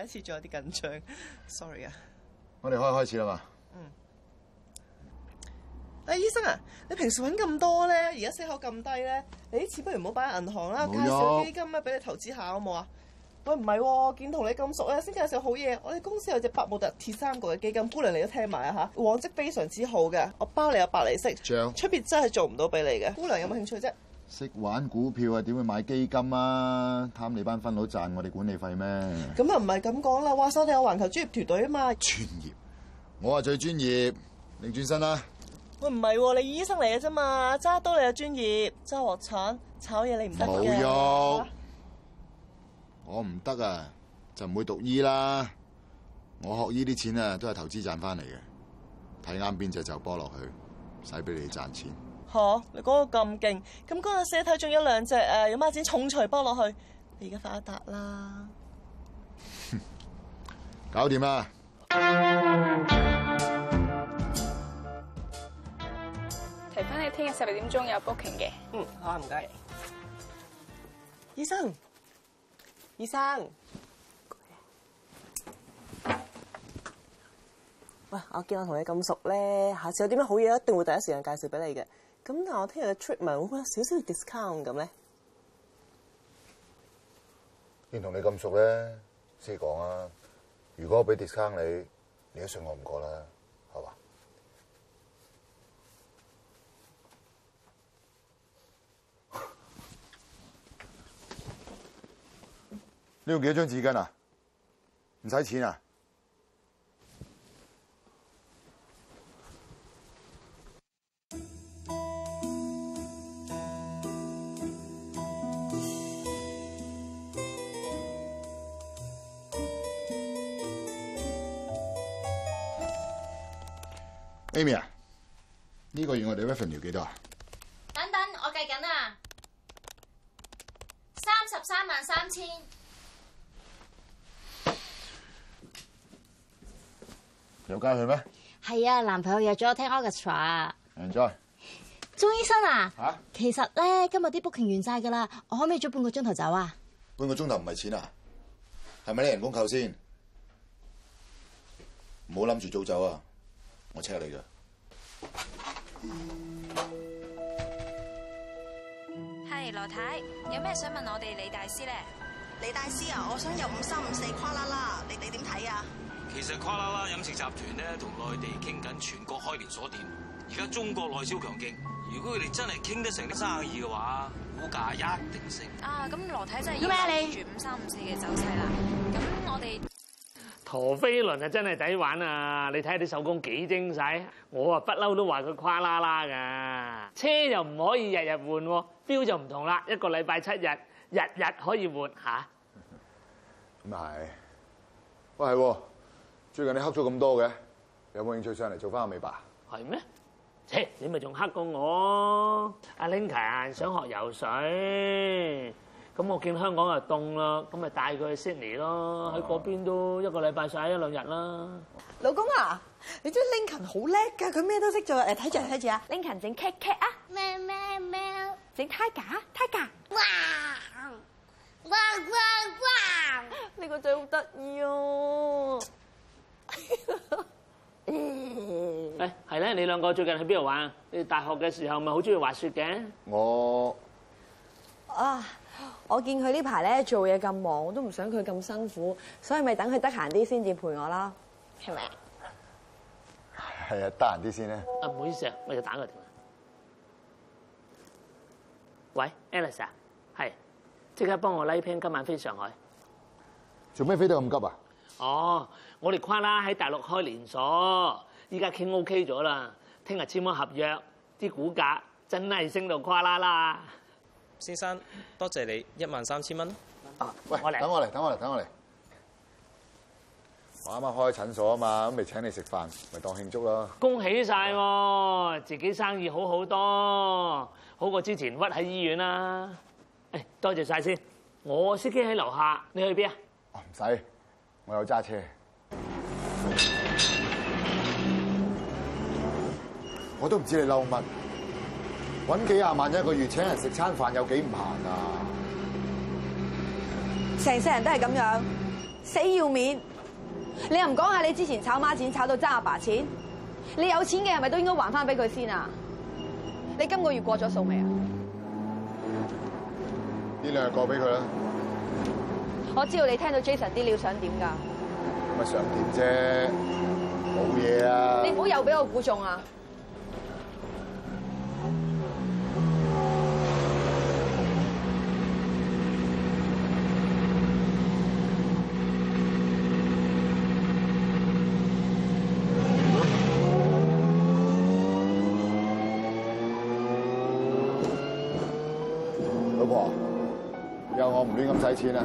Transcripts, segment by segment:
第一次仲有啲緊張，sorry 啊！我哋可以開始啦嘛？嗯。啊、哎，醫生啊，你平時揾咁多咧，而家息口咁低咧，你啲錢不如唔好擺喺銀行啦，介紹基金咧俾你投資下好冇用啊？喂，唔係喎，見同你咁熟咧，先介紹好嘢。我哋公司有隻百慕特鐵三角嘅基金，姑娘你都聽埋啊嚇，往績非常之好嘅，我包你有百厘息，出像面真係做唔到俾你嘅。姑娘有冇興趣啫？識玩股票啊？點會買基金啊？貪你班分佬賺我哋管理費咩？咁啊唔係咁講啦！話，收你個環球專業團隊啊嘛！專業，我話最專業。你轉身啦！喂、哎，唔係喎，你醫生嚟嘅啫嘛，揸刀你有專業，揸鑊鏟炒嘢你唔得冇用！動是是我唔得啊，就唔會讀醫啦。我學醫啲錢啊，都係投資賺翻嚟嘅，睇啱邊隻就波落去，使俾你賺錢。嚇、啊！你嗰個咁勁，咁嗰個社體仲有兩隻誒、啊，有孖展重錘波落去？你而家發一達啦！搞掂啦！提翻你聽日十二點鐘有 booking 嘅。嗯，好唔該。謝謝醫生，醫生，喂！我見我同你咁熟咧，下次有啲乜好嘢，一定會第一時間介紹俾你嘅。咁但我聽日嘅 treatment 唔係好有少少 discount 咁呢？先同你咁熟呢，先講啊！如果我俾 discount 你，你都信我唔過啦，係嘛？ 你要幾張紙巾啊？唔使錢啊？Amy 啊，呢個月我哋 revenue 要幾多啊？等等，我計緊啊，三十三萬三千。有加去咩？係啊，男朋友約咗我聽 Orchestra。楊再受，鐘醫生啊，吓、啊，其實咧今日啲 booking 完晒噶啦，我可唔可以早半個鐘頭走啊？半個鐘頭唔係錢啊，係咪你人工扣先？唔好諗住早走啊！我請你嘅。係羅太，有咩想問我哋李大師咧？李大師啊，我想有五三五四跨啦啦，你哋點睇啊？其實跨啦啦飲食集團咧，同內地傾緊全國開連鎖店，而家中國內銷強勁，如果佢哋真係傾得成生意嘅話，股價一定升。啊，咁羅太真係要關注五三五四嘅走勢啦。咁、啊、你我哋。陀飛輪啊，真係抵玩啊！你睇下啲手工幾精細，我啊不嬲都話佢誇啦啦㗎。車又唔可以日日換喎，feel 就唔同啦，一個禮拜七日，日日可以換吓？咁又係，喂，係喎，最近你黑咗咁多嘅，有冇興趣上嚟做翻個美白？係咩？切，你咪仲黑過我。阿 Linka 啊，想學游水。咁我見香港又凍啦，咁咪帶佢去 Sydney 咯，喺嗰邊都一個禮拜曬一兩日啦。老公啊，你知 Lincoln 好叻㗎，佢咩都識做，誒睇住睇住啊，Lincoln 整 cat cat 啊，咩咩咩，整 tiger tiger，哇哇哇哇，呢個仔好得意哦。誒係咧，你兩個最近喺邊度玩？你大學嘅時候咪好中意滑雪嘅。我。我見佢呢排咧做嘢咁忙，我都唔想佢咁辛苦，所以咪等佢得閒啲先至陪我啦，係咪啊？係啊，得閒啲先啦。啊，唔好意思啊，我就打個電話。喂，Alice 啊，係，即刻幫我拉 plane 今晚飛上海。做咩飛到咁急啊？哦，我哋跨啦喺大陸開連鎖，依家傾 OK 咗啦，聽日簽咗合約，啲股價真係升到跨啦啦。先生，多謝你一萬三千蚊。喂，我嚟來，等我嚟，等我嚟，等我嚟。我啱啱開診所啊嘛，咁咪請你食飯，咪當慶祝咯。恭喜晒，對吧 自己生意好好多，好過之前屈喺醫院啦。誒，多謝晒先，我司機喺樓下，你去邊啊？唔使，我有揸車。我都唔知你嬲乜。搵幾廿萬一個月請人食餐飯有幾唔行啊！成世人都係咁樣，死要面。你又唔講下你之前炒媽錢炒到爭阿爸錢，你有錢嘅係咪都應該還翻俾佢先啊？你今個月過咗數未啊？呢兩日過俾佢啦。我知道你聽到 Jason 啲料想點㗎？咪想點啫，冇嘢啊！你唔好又俾我估中啊！錢啊！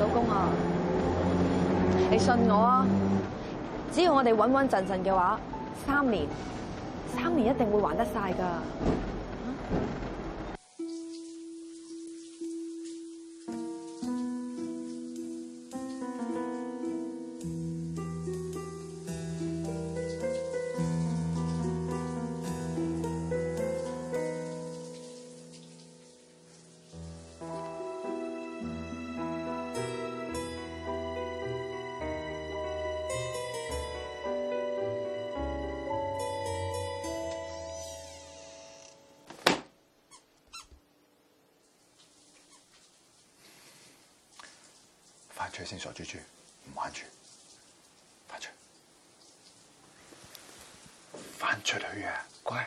老公啊，你信我啊！只要我哋穩穩陣陣嘅話，三年，三年一定會還得晒噶。先傻豬豬，唔玩住，翻出，翻出去啊！乖。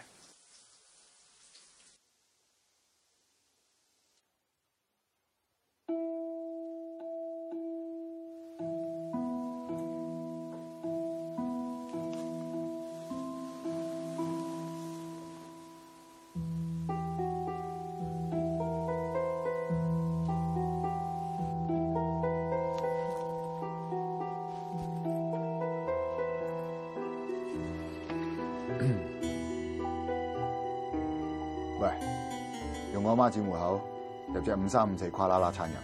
轉戶口入隻五三五四跨啦啦餐飲，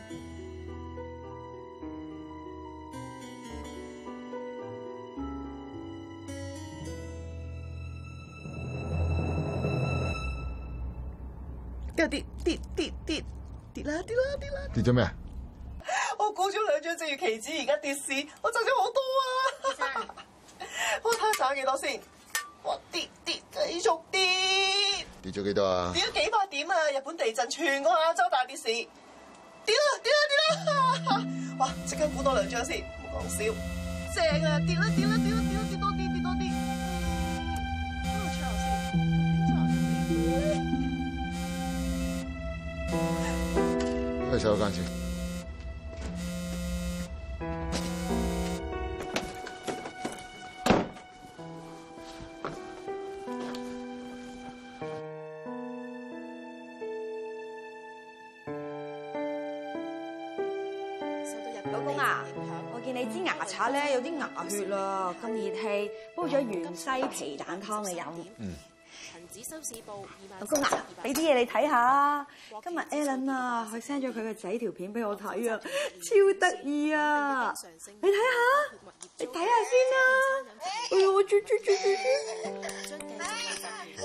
又跌跌跌跌跌啦跌啦跌啦跌咗咩？我沽咗兩張正月期指，而家跌市，我賺咗好多啊哈哈！我睇下賺幾多先，哇，跌跌繼續跌，跌咗幾多啊？跌咗幾百。點啊！日本地震，全個亞洲大跌市。跌啊！跌啊！跌啊！哇！即刻估多兩張先，唔好講笑。正啊！跌啦！跌啦！跌啦！跌多啲！跌多啲！我查下先，我查先。有啲牙血咯，咁熱氣，煲咗芫茜皮蛋湯嚟飲。嗯。老公啊，俾啲嘢你睇下。今日 Allen 啊，佢 send 咗佢嘅仔條片俾我睇啊，超得意啊！你睇下，你睇下先啦。哎呀，豬豬豬豬豬！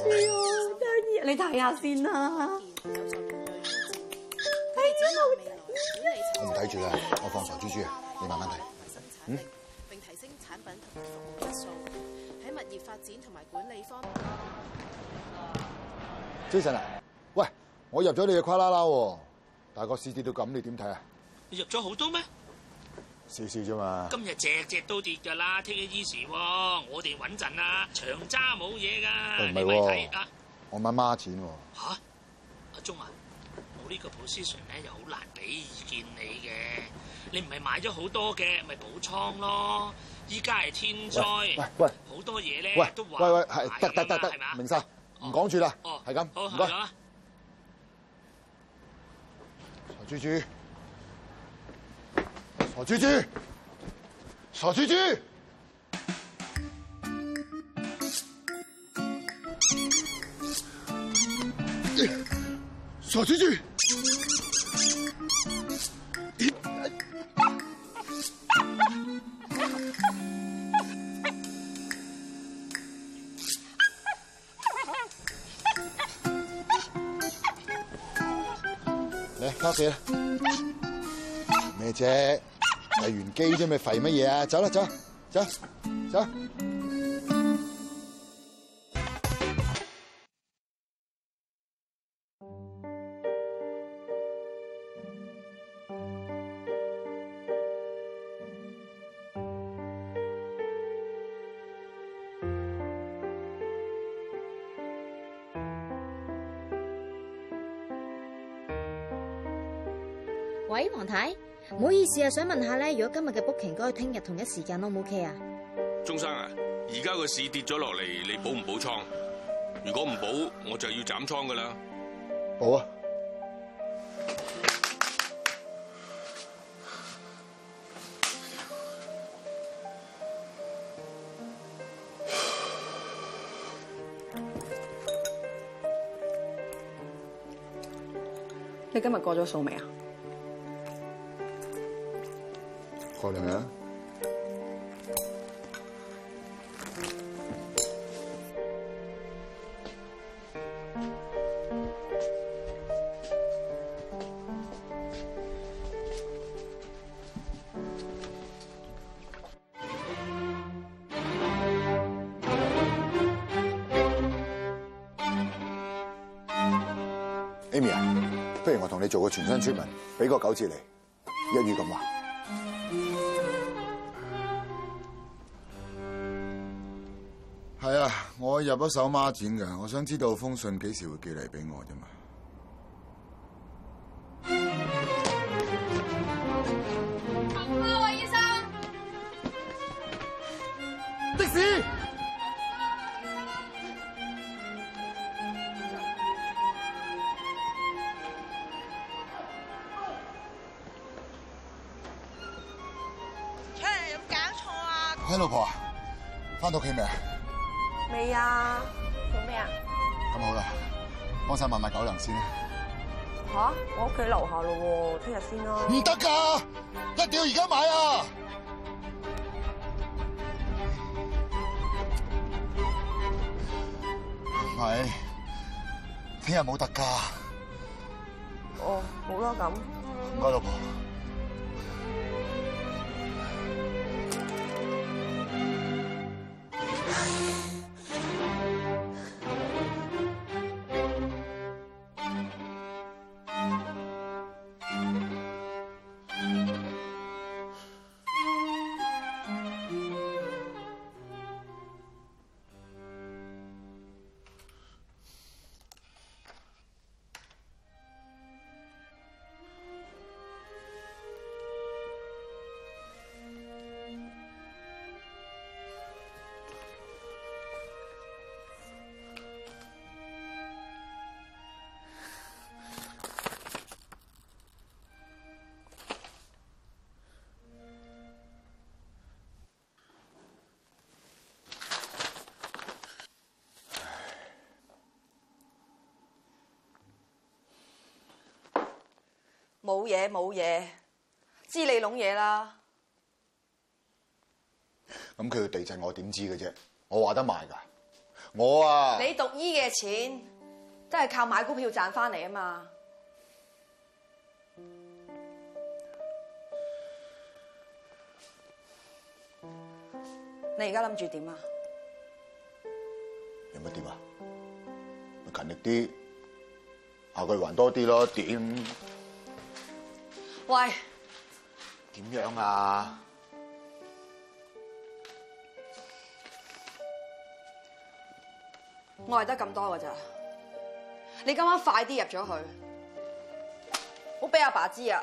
哎呀，得意！你睇下先啦。哎呀，我唔睇住啊！我放傻豬豬啊！你慢慢睇。嗯。嗯喺物業發展同埋管理方面，精神啊！Jason，喂，我入咗你嘅垮拉拉，大個市跌到咁，你點睇，哎，啊？你入咗好多咩？少少啫嘛。今日隻隻都跌噶啦，take it easy，我哋穩陣啊，長揸冇嘢噶。唔係，我買孖展。吓，阿忠啊，冇呢個 position 咧又好難俾意見你嘅。你唔係買咗好多嘅，咪補倉咯。依家係天災，喂喂，好多嘢咧，都話，喂喂，係，得得得得，明曬，唔講住啦，係咁，唔該，傻豬豬，傻豬豬，傻豬豬，傻豬豬。來趴下啦！咩啫？係完機啫，咪廢乜嘢啊？走啦走，走，走。走唔好意思啊，想問下咧，如果今日嘅 book 期改聽日同一時間 OK 唔 OK 啊？鍾生啊，而家個市跌咗落嚟，你補唔補倉？如果唔補，我就要斬倉噶啦。保啊！你今日過咗數未啊？好啦，Amy 啊，不如我同你做個全身出門，俾個九字嚟，一於咁話。我入一手孖展㗎，我想知道封信幾時會寄嚟俾我啫嘛。喂，醫生，的士。出嚟有冇搞錯啊？嗨，老婆，翻到屋企未？未啊？做咩啊？咁好啦，幫手買買狗糧先啦。吓？啊，我屋企樓下咯，聽日先啦。唔得噶，一定要而家買啊不是！唔係，聽日冇特價。哦，好啦咁。唔該，老婆。冇嘢冇嘢，知你攏嘢啦。咁佢地震我怎知道，我點知嘅啫？我話得賣噶，我啊你獨。你讀醫嘅錢都係靠買股票賺翻嚟啊嘛你現在。你而家諗住點啊？有乜點啊？勤力啲，下個月還多啲咯。點？.喂，怎麼，點樣啊？我係得咁多嘅咋？你今晚快啲入咗去，唔好俾阿爸知啊！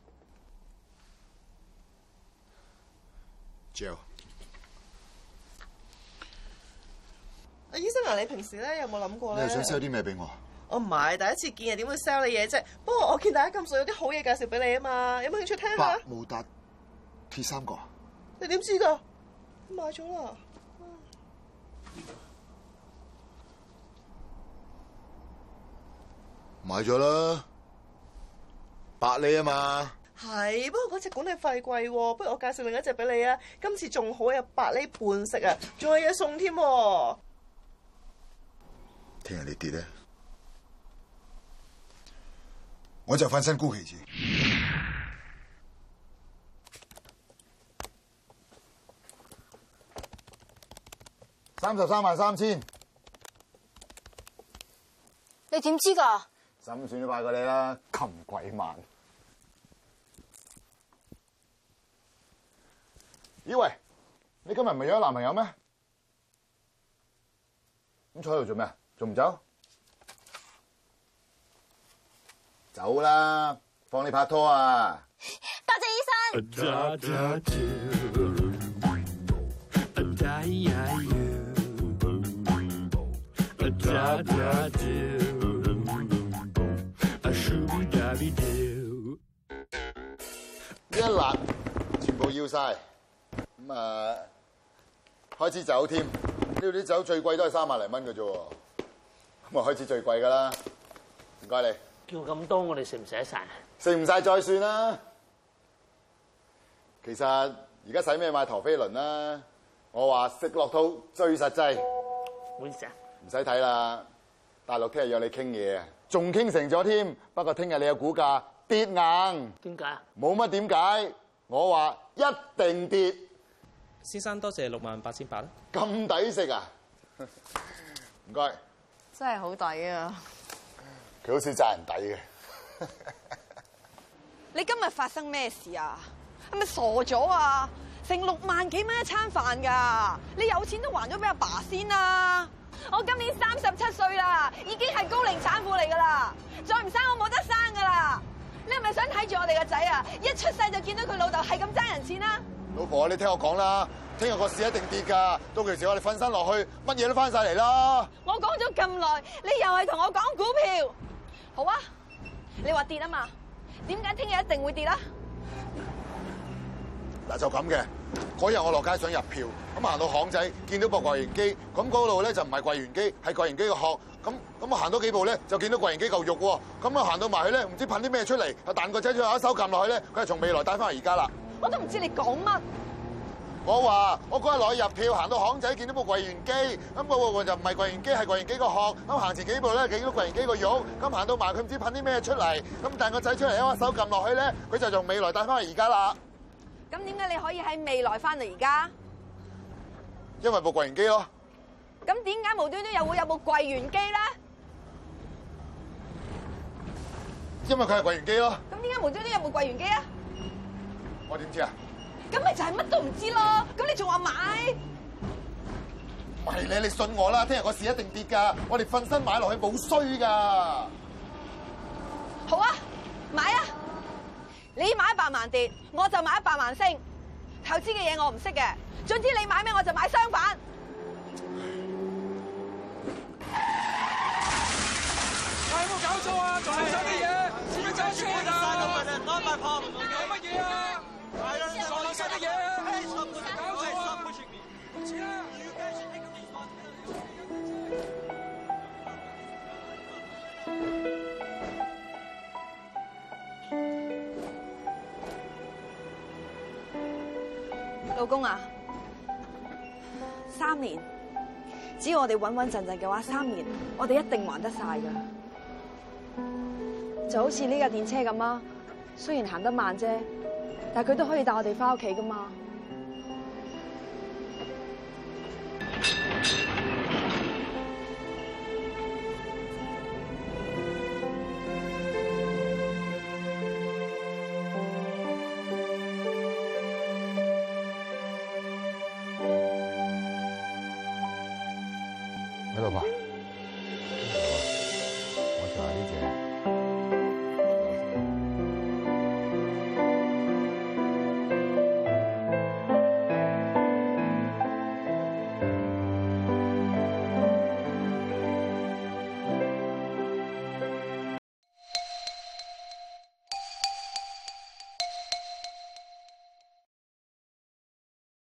阿醫生啊，你平時咧有冇諗過咧？你係想 sell 啲咩俾我？我唔係第一次見人點會 sell 你嘢啫。不過我見大家咁熟，有啲好嘢介紹俾你啊嘛。有冇興趣聽下？百無敵三個你點知噶？買咗啦，買咗啦，百里啊嘛。係，不過嗰隻管理費貴，不如我介紹另一隻俾你啊！今次仲好有八厘半息啊，仲有嘢送添喎。聽日你跌咧，我就翻身沽期住。三十三萬三千，你點知㗎？心算都快過你啦，擒鬼慢。咦喂，你今日唔係約咗男朋友咩？咁坐喺度做咩？仲唔走？走啦，放你拍拖啊！多謝醫生。一辣，全部要晒。誒、啊、開始走添，呢啲酒最貴都係三萬零蚊嘅啫。咁我開始最貴噶啦，唔該你叫咁多，我哋食唔食得曬？食唔晒再算啦。其實而家使咩買陀飛輪啦？我話食落肚最實際。唔好意思啊！唔使睇啦，大陸聽日約你傾嘢啊。仲傾成咗添，不過聽日你嘅股價跌硬為什麼。點解啊？冇乜點解，我話一定跌。先生，多謝六萬八千八啦。咁抵食啊？唔該，真係好抵啊！佢好似爭人抵嘅，你今日發生咩事啊？係咪傻咗啊？成六萬幾蚊一餐飯噶？你有錢都還咗俾阿爸先啦！我今年三十七歲啦，已經係高齡產婦嚟噶啦，再唔生我冇得生噶啦！你係咪想睇住我哋個仔啊？一出世就見到佢老豆係咁爭人錢啊！老婆，你聽我講啦，聽日個市一定跌噶。到時我哋瞓身落去，乜嘢都翻晒嚟啦。我講咗咁耐，你又係同我講股票，好啊？你話跌啊嘛？點解聽日一定會跌啊？嗱， 就咁嘅。嗰日我落街想入票，咁行到巷仔，見到部櫃員機，咁嗰度咧就唔係櫃員機，係櫃員機個殼。咁咁我行多幾步咧，就見到櫃員機嚿肉。咁我行到埋去咧，唔知噴啲咩出嚟。我彈個掣出，一手撳落去咧，佢係從未來帶翻嚟而家啦。我都唔知你講乜。我話我嗰日攞入票，行到巷仔見到部櫃員機，咁我話就唔係櫃員機，係櫃員機個殼。咁行前幾步咧，見到櫃員機個肉。咁行到埋佢唔知噴啲咩出嚟。咁帶個仔出嚟，一手撳落去咧，佢就用未來帶翻去而家啦。咁點解你可以喺未來翻嚟而家？因為部櫃員機咯。咁點解無端端又會有部櫃員機咧？因為佢係櫃員機咯。咁點解無端端有部櫃員機啊？我點知啊？咁咪就係乜都唔知咯！咁你仲話買？唔係你，你信我啦！聽日個市一定跌㗎，我哋瞓身買落去冇衰㗎。好啊，買啊！你買一百萬跌，我就買一百萬升。投資嘅嘢我唔識嘅，總之你買咩我就買相反。有冇搞錯啊！仲有嘅嘢，使唔使揸車啊？全部就曬咗份啦！多買破唔同嘅乜嘢啊？老公啊，三年只要我哋穩穩陣陣嘅話，三年我哋一定還得晒噶。就好似呢架電車咁啊，雖然行得慢啫，但係佢都可以帶我哋翻屋企噶嘛。